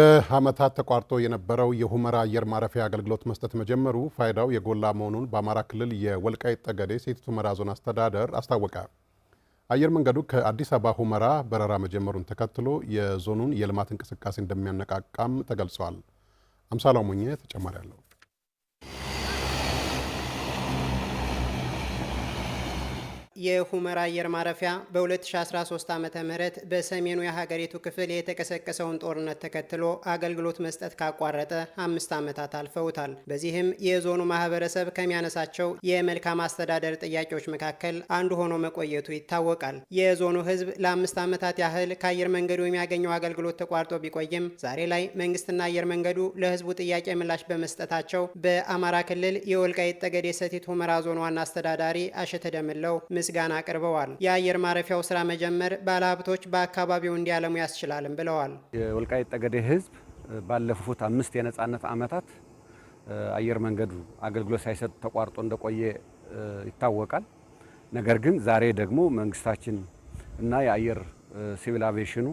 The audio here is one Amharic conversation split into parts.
ለዓመታት ተቋርጦ የነበረው የሁመራ አየር ማረፊያ አገልግሎት መስጠት መጀመሩ ፋይዳው የጎላ መሆኑን በአማራ ክልል የወልቃይት ጠገዴ ሰቲት ሁመራ ዞን አስተዳደር አስታወቀ። አየር መንገዱ ከአዲስ አበባ ሁመራ በረራ መጀመሩን ተከትሎ የዞኑን የልማት እንቅስቃሴ እንደሚያነቃቃም ተገልጿል። አምሳላው ሞኘ ተጨማሪ አለው። የሁመራ አየር ማረፊያ በ2013 ዓ ም በሰሜኑ የሀገሪቱ ክፍል የተቀሰቀሰውን ጦርነት ተከትሎ አገልግሎት መስጠት ካቋረጠ አምስት ዓመታት አልፈውታል። በዚህም የዞኑ ማህበረሰብ ከሚያነሳቸው የመልካም አስተዳደር ጥያቄዎች መካከል አንዱ ሆኖ መቆየቱ ይታወቃል። የዞኑ ህዝብ ለአምስት ዓመታት ያህል ከአየር መንገዱ የሚያገኘው አገልግሎት ተቋርጦ ቢቆይም ዛሬ ላይ መንግስትና አየር መንገዱ ለህዝቡ ጥያቄ ምላሽ በመስጠታቸው በአማራ ክልል የወልቃይት ጠገዴ ሰቲት ሁመራ ዞን ዋና አስተዳዳሪ አሸተደምለው ምስ ምስጋና አቅርበዋል። የአየር ማረፊያው ስራ መጀመር ባለሀብቶች በአካባቢው እንዲያለሙ ያስችላልም ብለዋል። የወልቃይት ጠገዴ ህዝብ ባለፉት አምስት የነጻነት ዓመታት አየር መንገዱ አገልግሎት ሳይሰጥ ተቋርጦ እንደቆየ ይታወቃል። ነገር ግን ዛሬ ደግሞ መንግስታችን እና የአየር ሲቪል አቪዬሽኑ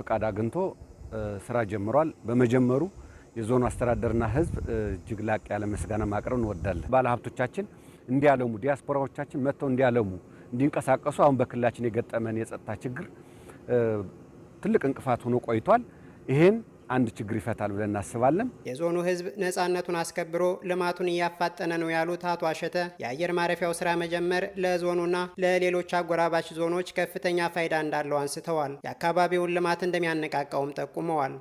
ፍቃድ አግኝቶ ስራ ጀምሯል። በመጀመሩ የዞኑ አስተዳደርና ህዝብ እጅግ ላቅ ያለ ምስጋና ማቅረብ እንወዳለን። ባለሀብቶቻችን እንዲያለሙ ዲያስፖራዎቻችን መጥተው እንዲያለሙ እንዲንቀሳቀሱ አሁን በክልላችን የገጠመን የጸጥታ ችግር ትልቅ እንቅፋት ሆኖ ቆይቷል። ይሄን አንድ ችግር ይፈታል ብለን እናስባለን። የዞኑ ህዝብ ነፃነቱን አስከብሮ ልማቱን እያፋጠነ ነው ያሉት አቶ አሸተ የአየር ማረፊያው ስራ መጀመር ለዞኑና ለሌሎች አጎራባች ዞኖች ከፍተኛ ፋይዳ እንዳለው አንስተዋል። የአካባቢውን ልማት እንደሚያነቃቃውም ጠቁመዋል።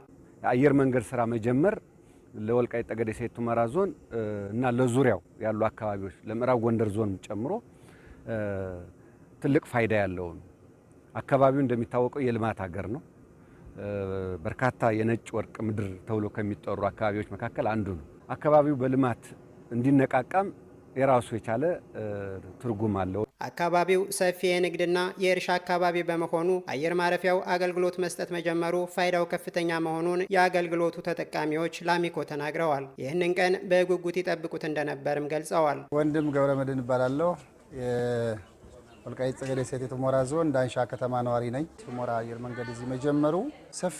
የአየር መንገድ ስራ መጀመር ለወልቃይት ጠገዴ ሰቲት ሁመራ ዞን እና ለዙሪያው ያሉ አካባቢዎች ለምዕራብ ጎንደር ዞን ጨምሮ ትልቅ ፋይዳ ያለው ነው። አካባቢው እንደሚታወቀው የልማት ሀገር ነው። በርካታ የነጭ ወርቅ ምድር ተብሎ ከሚጠሩ አካባቢዎች መካከል አንዱ ነው። አካባቢው በልማት እንዲነቃቃም የራሱ የቻለ ትርጉም አለው። አካባቢው ሰፊ የንግድና የእርሻ አካባቢ በመሆኑ አየር ማረፊያው አገልግሎት መስጠት መጀመሩ ፋይዳው ከፍተኛ መሆኑን የአገልግሎቱ ተጠቃሚዎች ላሚኮ ተናግረዋል። ይህንን ቀን በጉጉት ይጠብቁት እንደነበርም ገልጸዋል። ወንድም ገብረ መድህን እባላለሁ። የወልቃይት ጠገዴ ሰቲት ሁመራ ዞን ዳንሻ ከተማ ነዋሪ ነኝ። ሁመራ አየር መንገድ እዚህ መጀመሩ ሰፊ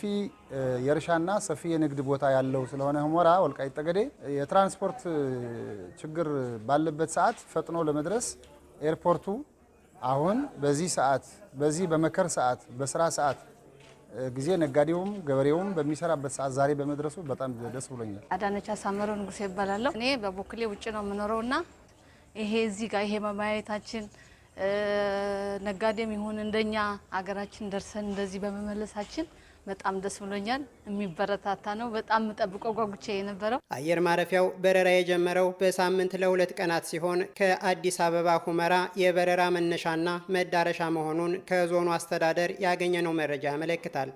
የእርሻና ሰፊ የንግድ ቦታ ያለው ስለሆነ ሁመራ ወልቃይት ጠገዴ የትራንስፖርት ችግር ባለበት ሰዓት ፈጥኖ ለመድረስ ኤርፖርቱ አሁን በዚህ ሰዓት በዚህ በመከር ሰዓት በስራ ሰዓት ጊዜ ነጋዴውም ገበሬውም በሚሰራበት ሰዓት ዛሬ በመድረሱ በጣም ደስ ብሎኛል። አዳነች አሳመረው ንጉሴ ይባላለሁ። እኔ በቦክሌ ውጭ ነው የምኖረው እና ይሄ እዚህ ጋር ይሄ መማየታችን ነጋዴም ይሁን እንደኛ አገራችን ደርሰን እንደዚህ በመመለሳችን በጣም ደስ ብሎኛል። የሚበረታታ ነው። በጣም ጠብቆ ጓጉቼ የነበረው አየር ማረፊያው በረራ የጀመረው በሳምንት ለሁለት ቀናት ሲሆን ከአዲስ አበባ ሁመራ የበረራ መነሻና መዳረሻ መሆኑን ከዞኑ አስተዳደር ያገኘነው መረጃ ያመለክታል።